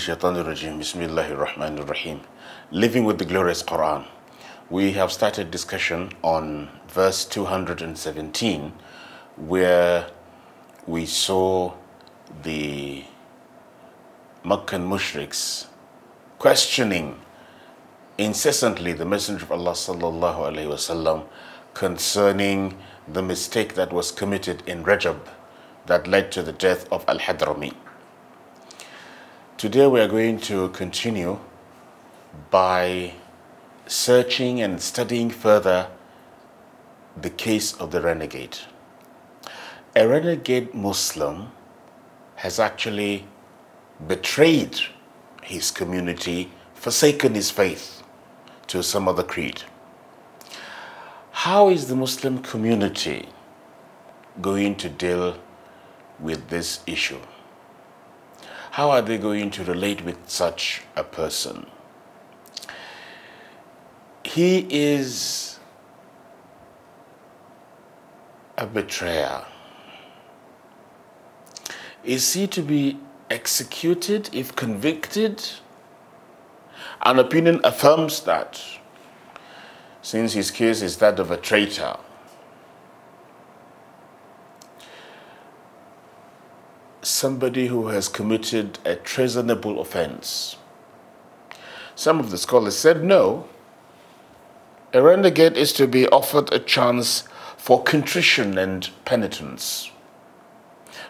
Shaitanirajim, Living with the Glorious Quran. We have started discussion on verse 217 where we saw the Meccan mushriks questioning incessantly the Messenger of Allah sallallahu alaihi wasallam concerning the mistake that was committed in Rajab that led to the death of Al-Hadrami. Today we are going to continue by searching and studying further the case of the renegade. A renegade Muslim has actually betrayed his community, forsaken his faith to some other creed. How is the Muslim community going to deal with this issue? how are they going to relate with such a person? He is a betrayer. Is he to be executed if convicted? An opinion affirms that, since his case is that of a traitor. somebody who has committed a treasonable offense? Some of the scholars said no. A renegade is to be offered a chance for contrition and penitence,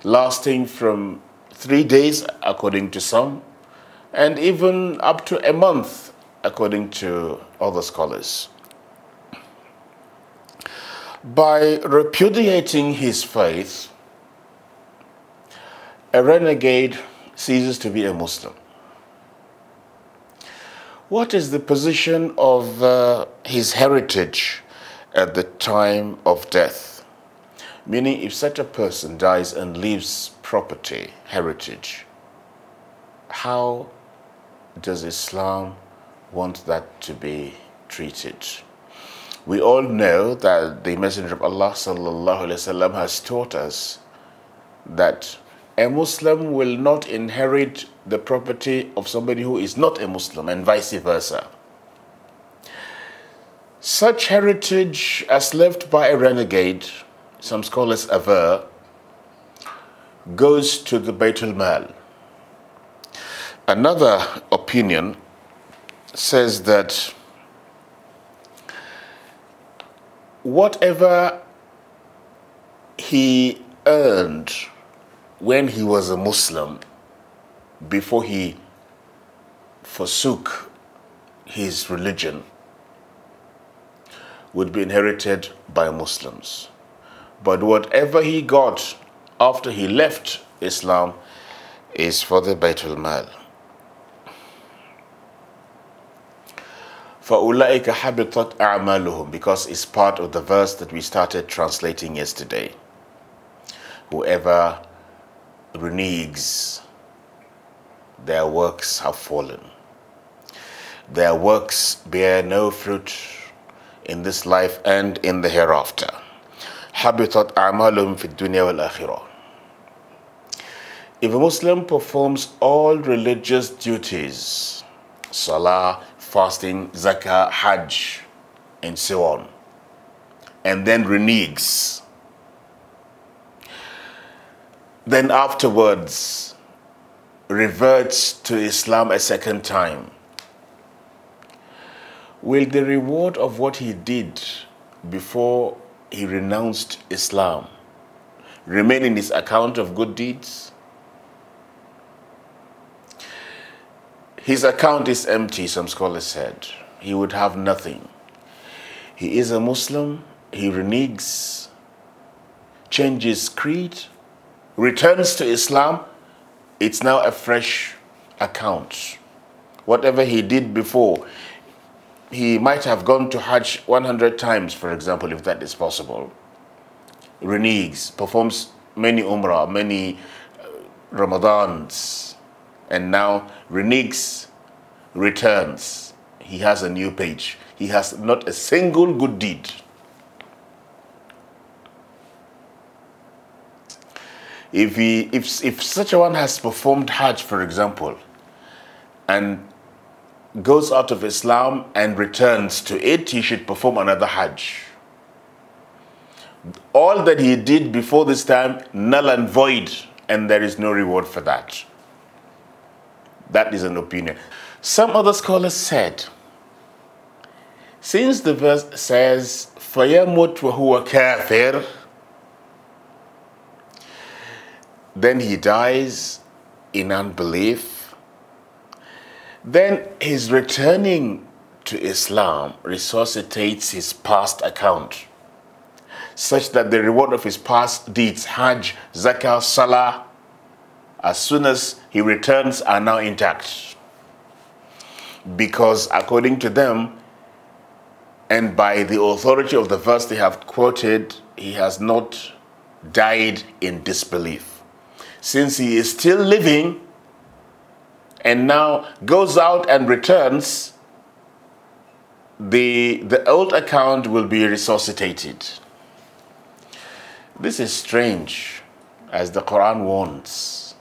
lasting from three days, according to some, and even up to a month, according to other scholars. By repudiating his faith, a renegade ceases to be a Muslim. What is the position of uh, his heritage at the time of death? Meaning, if such a person dies and leaves property, heritage, how does Islam want that to be treated? We all know that the Messenger of Allah has taught us that a Muslim will not inherit the property of somebody who is not a Muslim and vice versa. Such heritage as left by a renegade, some scholars aver, goes to the Baitul Mal. Another opinion says that whatever he earned when he was a Muslim, before he forsook his religion, would be inherited by Muslims. But whatever he got after he left Islam is for the Baitul Mal. فَأُولَٰئِكَ حَبِطَتْ أَعْمَالُهُمْ Because it's part of the verse that we started translating yesterday. Whoever reneges, their works have fallen. Their works bear no fruit in this life and in the hereafter. amalum أعمالهم dunya wal والآخرة. If a Muslim performs all religious duties, salah, fasting, zakah, hajj, and so on, and then reneges, then afterwards reverts to Islam a second time, will the reward of what he did before he renounced Islam remain in his account of good deeds? His account is empty, some scholars said. He would have nothing. He is a Muslim, he reneges, changes creed, returns to Islam, it's now a fresh account. Whatever he did before, he might have gone to Hajj 100 times, for example, if that is possible. Reneges, performs many Umrah, many uh, Ramadans, and now reneges, returns. He has a new page. He has not a single good deed. If, he, if, if such a one has performed Hajj, for example, and goes out of Islam and returns to it, he should perform another Hajj. All that he did before this time, null and void, and there is no reward for that. That is an opinion. Some other scholars said, since the verse says, فَيَمُتْ وَهُوَ كَافِرٌ Then he dies in unbelief. Then his returning to Islam resuscitates his past account, such that the reward of his past deeds, Hajj, Zakah, Salah, as soon as he returns, are now intact. Because according to them, and by the authority of the verse they have quoted, he has not died in disbelief since he is still living and now goes out and returns, the, the old account will be resuscitated. This is strange, as the Quran warns.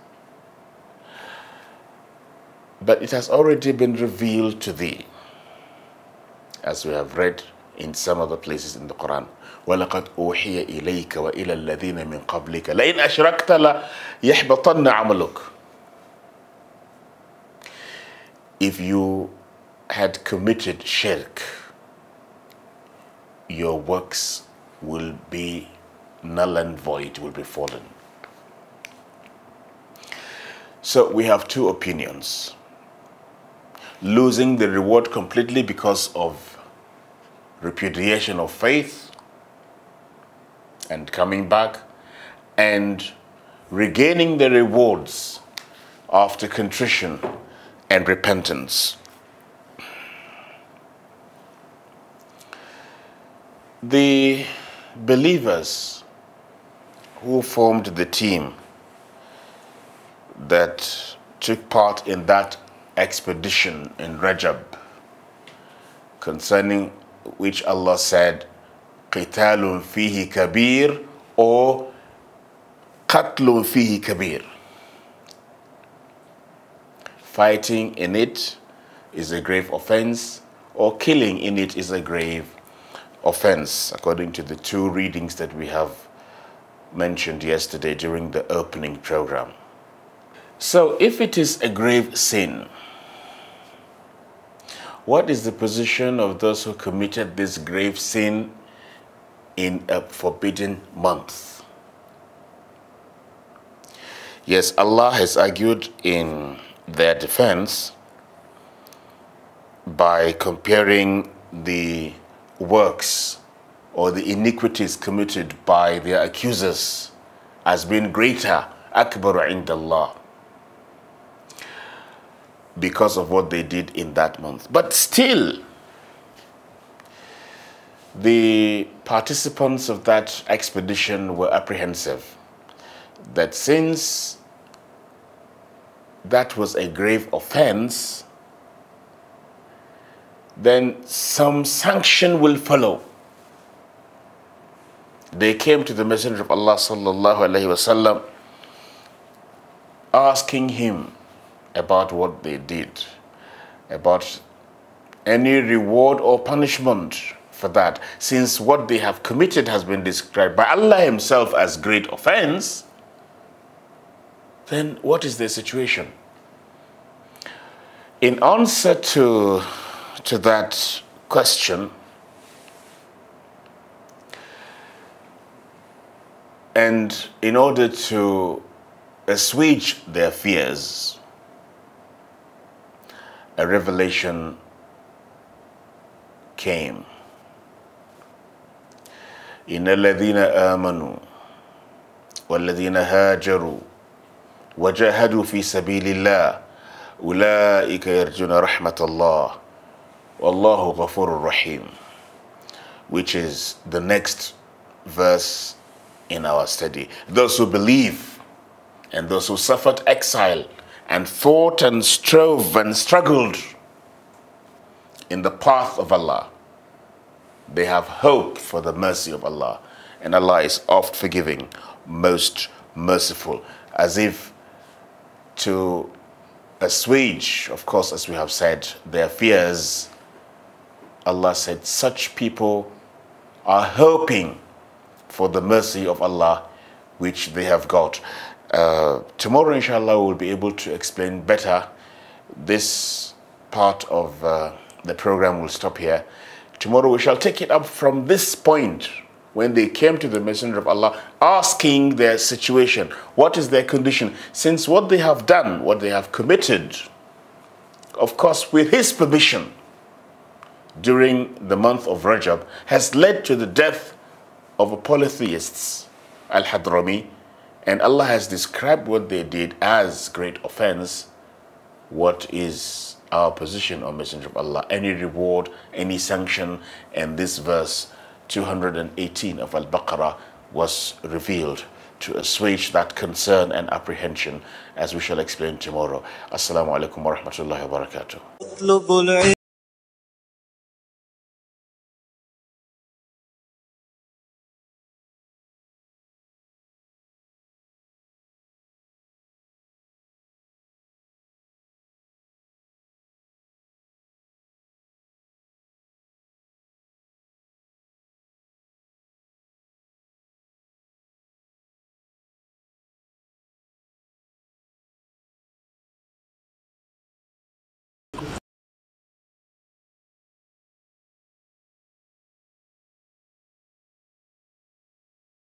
But it has already been revealed to thee, as we have read in some other places in the Quran. وَلَقَدْ أُوحِيَ إِلَيْكَ وَإِلَى الَّذِينَ مِنْ قَبْلِكَ لَإِنْ أَشْرَكْتَ لَيَحْبَطَنَّ عَمَلُكَ If you had committed shirk, your works will be null and void, will be fallen. So we have two opinions. Losing the reward completely because of repudiation of faith and coming back and regaining the rewards after contrition and repentance. The believers who formed the team that took part in that expedition in Rajab concerning which Allah said, قِتَالٌ فِيهِ kabir or قَتْلٌ فِيهِ kabir. Fighting in it is a grave offense, or killing in it is a grave offense, according to the two readings that we have mentioned yesterday during the opening program. So if it is a grave sin, what is the position of those who committed this grave sin in a forbidden month? Yes, Allah has argued in their defense by comparing the works or the iniquities committed by their accusers as being greater, akbar Allāh because of what they did in that month. But still, the participants of that expedition were apprehensive that since that was a grave offense, then some sanction will follow. They came to the Messenger of Allah sallallahu alaihi wasallam asking him about what they did, about any reward or punishment for that, since what they have committed has been described by Allah Himself as great offense, then what is their situation? In answer to, to that question, and in order to assuage their fears, a revelation came. إن الذين آمنوا والذين هاجروا وجاهدوا في سبيل الله أولئك يرجون رحمة الله والله غفور رحيم which is the next verse in our study. Those who believe and those who suffered exile and fought and strove and struggled in the path of Allah. They have hope for the mercy of Allah. And Allah is oft forgiving, most merciful, as if to assuage, of course, as we have said, their fears. Allah said, such people are hoping for the mercy of Allah which they have got. Uh, tomorrow, inshallah, we'll be able to explain better. This part of uh, the program will stop here. Tomorrow, we shall take it up from this point when they came to the Messenger of Allah asking their situation. What is their condition? Since what they have done, what they have committed, of course, with His permission during the month of Rajab, has led to the death of a polytheist, Al Hadrami. And Allah has described what they did as great offense. What is our position, O Messenger of Allah? Any reward, any sanction? And this verse 218 of Al Baqarah was revealed to assuage that concern and apprehension, as we shall explain tomorrow. Assalamu alaikum wa rahmatullahi wa barakatuh.